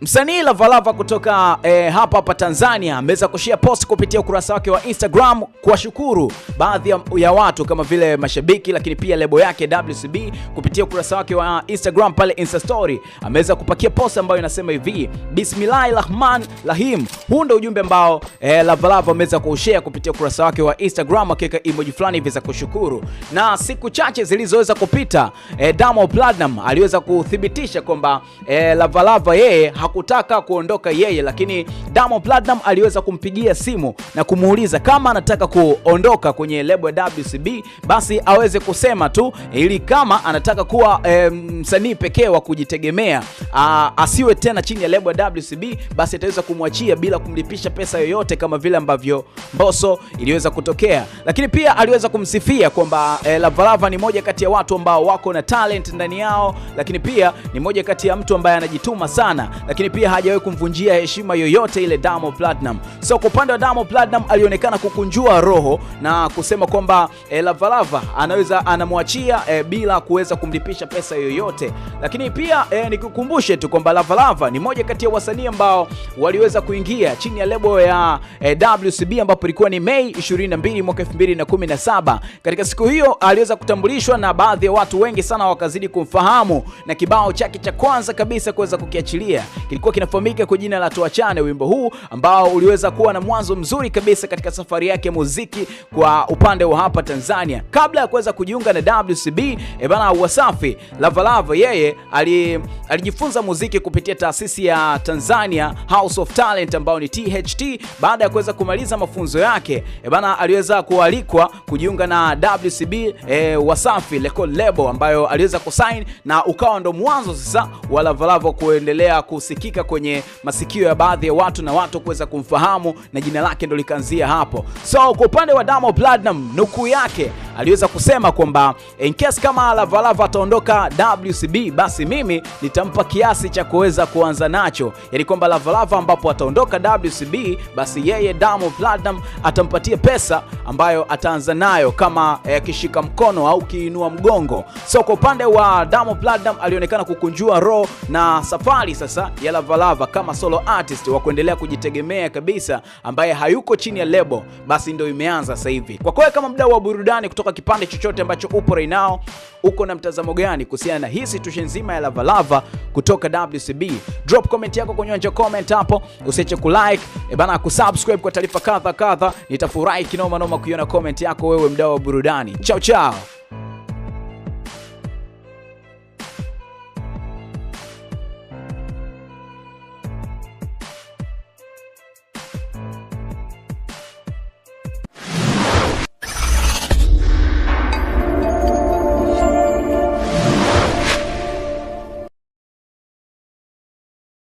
Msanii Lavalava kutoka eh, hapa hapa Tanzania ameweza kushare post kupitia ukurasa wake wa Instagram kuwashukuru baadhi ya watu kama vile mashabiki, lakini pia lebo yake WCB. Kupitia ukurasa wake wa Instagram pale Insta story ameweza kupakia post ambayo inasema hivi, Bismillahir Rahman Rahim. Huu ndio ujumbe ambao eh, Lavalava ameweza kushare kupitia ukurasa wake wa Instagram akiweka emoji fulani hivi za kushukuru, na siku chache zilizoweza kupita eh, Diamond Platnumz aliweza kuthibitisha kwamba eh, Lavalava yeye hakutaka kuondoka yeye, lakini Damo Platinum aliweza kumpigia simu na kumuuliza kama anataka kuondoka kwenye lebo ya WCB basi aweze kusema tu, ili kama anataka kuwa eh, msanii pekee wa kujitegemea a, asiwe tena chini ya lebo ya WCB basi ataweza kumwachia bila kumlipisha pesa yoyote kama vile ambavyo Mbosso iliweza kutokea. Lakini pia aliweza kumsifia kwamba eh, e, Lavalava ni moja kati ya watu ambao wako na talent ndani yao, lakini pia ni moja kati ya mtu ambaye anajituma sana lakini pia hajawahi kumvunjia heshima yoyote ile Diamond Platinum. So kwa upande wa Diamond Platinum alionekana kukunjua roho na kusema kwamba eh, e, Lavalava anaweza anamwachia e, bila kuweza kumlipisha pesa yoyote, lakini pia e, nikukumbushe tu kwamba Lavalava ni moja kati ya wasanii ambao waliweza kuingia chini ya lebo ya e, WCB ambapo ilikuwa ni Mei 22 mwaka 2017. Katika siku hiyo aliweza kutambulishwa na baadhi ya watu wengi sana wakazidi kumfahamu na kibao chake cha kwanza kabisa kuweza kukiachilia kilikuwa kinafahamika kwa jina la Tuachane, wimbo huu ambao uliweza kuwa na mwanzo mzuri kabisa katika safari yake muziki kwa upande wa hapa Tanzania, kabla ya kuweza kujiunga na WCB. E eh bana, Wasafi Lavalava yeye alijifunza muziki kupitia taasisi ya Tanzania House of Talent ambao ni THT. Baada ya kuweza kumaliza mafunzo yake e bana, aliweza kualikwa kujiunga na WCB e, eh, Wasafi record label ambayo aliweza kusign na ukawa ndo mwanzo sasa wa Lavalava kuendelea kusikika kusikika kwenye masikio ya baadhi ya watu na watu kuweza kumfahamu na jina lake ndo likaanzia hapo. So kwa upande wa Diamond Platnumz, nukuu yake aliweza kusema kwamba in case kama Lavalava ataondoka WCB, basi mimi nitampa kiasi cha kuweza kuanza nacho, yaani kwamba Lavalava ambapo ataondoka WCB, basi yeye Diamond Platinum atampatia pesa ambayo ataanza nayo kama eh, akishika eh, mkono au kiinua mgongo. So kwa upande wa Diamond Platinum alionekana kukunjua roho na safari sasa ya Lavalava kama solo artist wa kuendelea kujitegemea kabisa, ambaye hayuko chini ya lebo, basi ndio imeanza sasa hivi. Kwa kweli kama mdau wa burudani kutoka kwa kipande chochote ambacho upo right now, uko na mtazamo gani kuhusiana na hii situation nzima ya Lavalava kutoka WCB? Drop comment yako kwenye anja comment hapo, usiache kulike e eh, bana, subscribe kwa taarifa kadha kadha. Nitafurahi kinoma noma kuiona comment yako wewe, mdau wa burudani. Chao chao.